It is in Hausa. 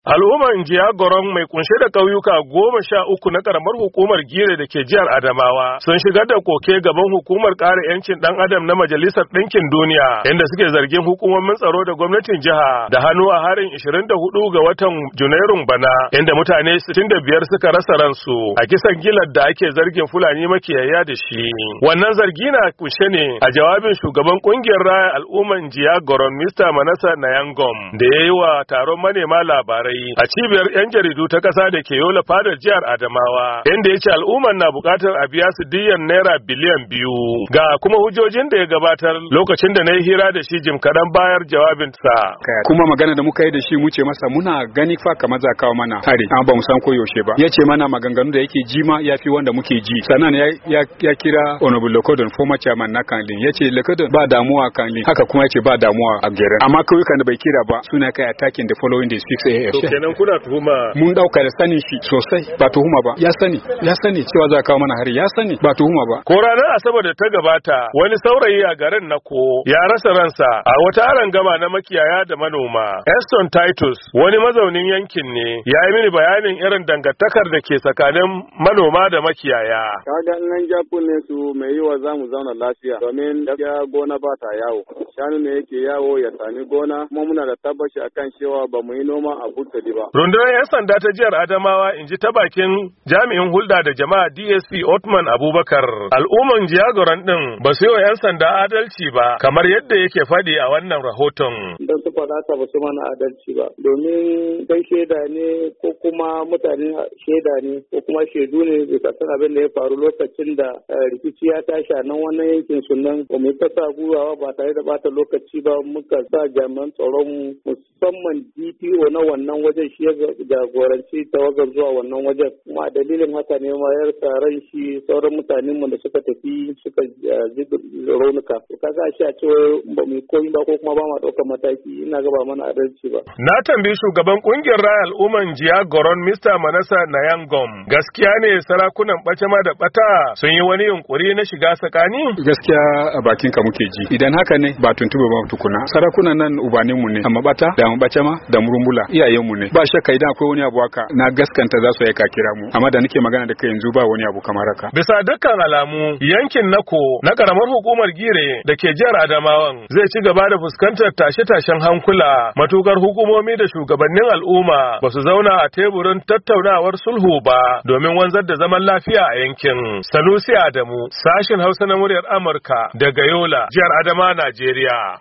Al'ummar Goron mai kunshe da ƙauyuka goma sha uku na ƙaramar hukumar Gire da ke jihar Adamawa sun shigar da koke gaban hukumar ƙara 'yancin ɗan adam na Majalisar Ɗinkin Duniya inda suke zargin hukumomin tsaro da gwamnatin jiha da hannu a harin 24 ga watan Junairun bana inda mutane biyar suka rasa ransu a kisan gilar da ake zargin Fulani makiyaya da shi. Wannan zargi na kunshe ne a jawabin shugaban ƙungiyar raya al'ummar Goron Mr. Manasa Nayangom da ya yi wa taron manema labarai. a cibiyar 'yan jaridu ta ƙasa da ke yola fadar jihar Adamawa inda ya ce al'ummar na buƙatar a biya su diyan naira biliyan biyu ga kuma hujjojin da ya gabatar lokacin da na yi hira da shi jim kaɗan bayar jawabin sa. Kuma magana da muka yi da shi mu ce masa muna gani fa kamar za kawo mana hari amma ba mu san ko yaushe ba. Ya ce mana maganganu da yake ji ma ya fi wanda muke ji. Sannan ya, kira Honorable Lokodon former chairman na Kanlin ya ce Lokodon ba damuwa Kanlin haka kuma ya ce ba damuwa a Geren. Amma kan da bai kira ba suna kai attacking the following the 6 AF. wato kenan kuna tuhuma mun dauka da sanin shi sosai ba tuhuma ba ya sani ya sani cewa za kawo mana hari ya sani ba tuhuma ba ko ranar asabar da ta gabata wani saurayi a garin Nako ya rasa ransa a wata arangama na makiyaya da manoma Eston Titus wani mazaunin yankin ne ya yi mini bayanin irin dangantakar da ke tsakanin manoma da makiyaya kaga nan jafu ne su mai yiwa zamu zauna lafiya domin gaskiya gona ba ta yawo shanu ne yake yawo ya sami gona kuma muna da tabbaci akan cewa ba mu yi noma a burtali ba. Rundunar 'yan sanda ta jihar Adamawa in ji ta bakin jami'in hulɗa da jama'a DSP Otman Abubakar. Al'umman jiyagoran ɗin ba su yi wa 'yan sanda adalci ba kamar yadda yake faɗi a wannan rahoton. Don su faɗa ba su mana adalci ba domin kai shaida ne ko kuma mutane shaida ne ko kuma shaidu ne bisa san abin da ya faru lokacin da eh, rikici ya tashi nan wannan yankin sunan ba mu ta sa ba tare da bata lokaci ba muka sa jami'an tsaron mu musamman DPO na wannan wajen shi ya jagoranci tawagar zuwa wannan wajen kuma a dalilin haka ne ma yar ran shi sauran mutanen mu da suka tafi suka eh, ji raunuka to kaga shi a cewa ba mu koyi ba ko kuma ba ma ɗaukar mataki ina ga ba mana adalci ba na tambayi shugaban kungiyar raya al'umman jiya goron Mr Manasa Nayangom gaskiya ne sarakunan bacema da bata sun yi wani yunkuri na shiga tsakani gaskiya a bakin ka muke ji idan haka ne ba tuntuɓe ba tukuna sarakunan nan ubaninmu ne amma bata da mu bace ma da murmula iyayen mu ne ba shakka idan akwai wani abu haka na gaskanta za su aika kira mu amma da nake magana da kai yanzu ba wani abu kamar haka bisa dukkan alamu yankin nako na karamar hukumar gire da ke jihar adamawan zai ci gaba da fuskantar tashe-tashen hankula matukar hukumomi da shugabannin al'umma ba su zauna a teburin tattaunawar sulhu ba domin wanzar da zaman lafiya a yankin sanusi adamu sashin hausa na muryar amurka daga yola jihar adama najeriya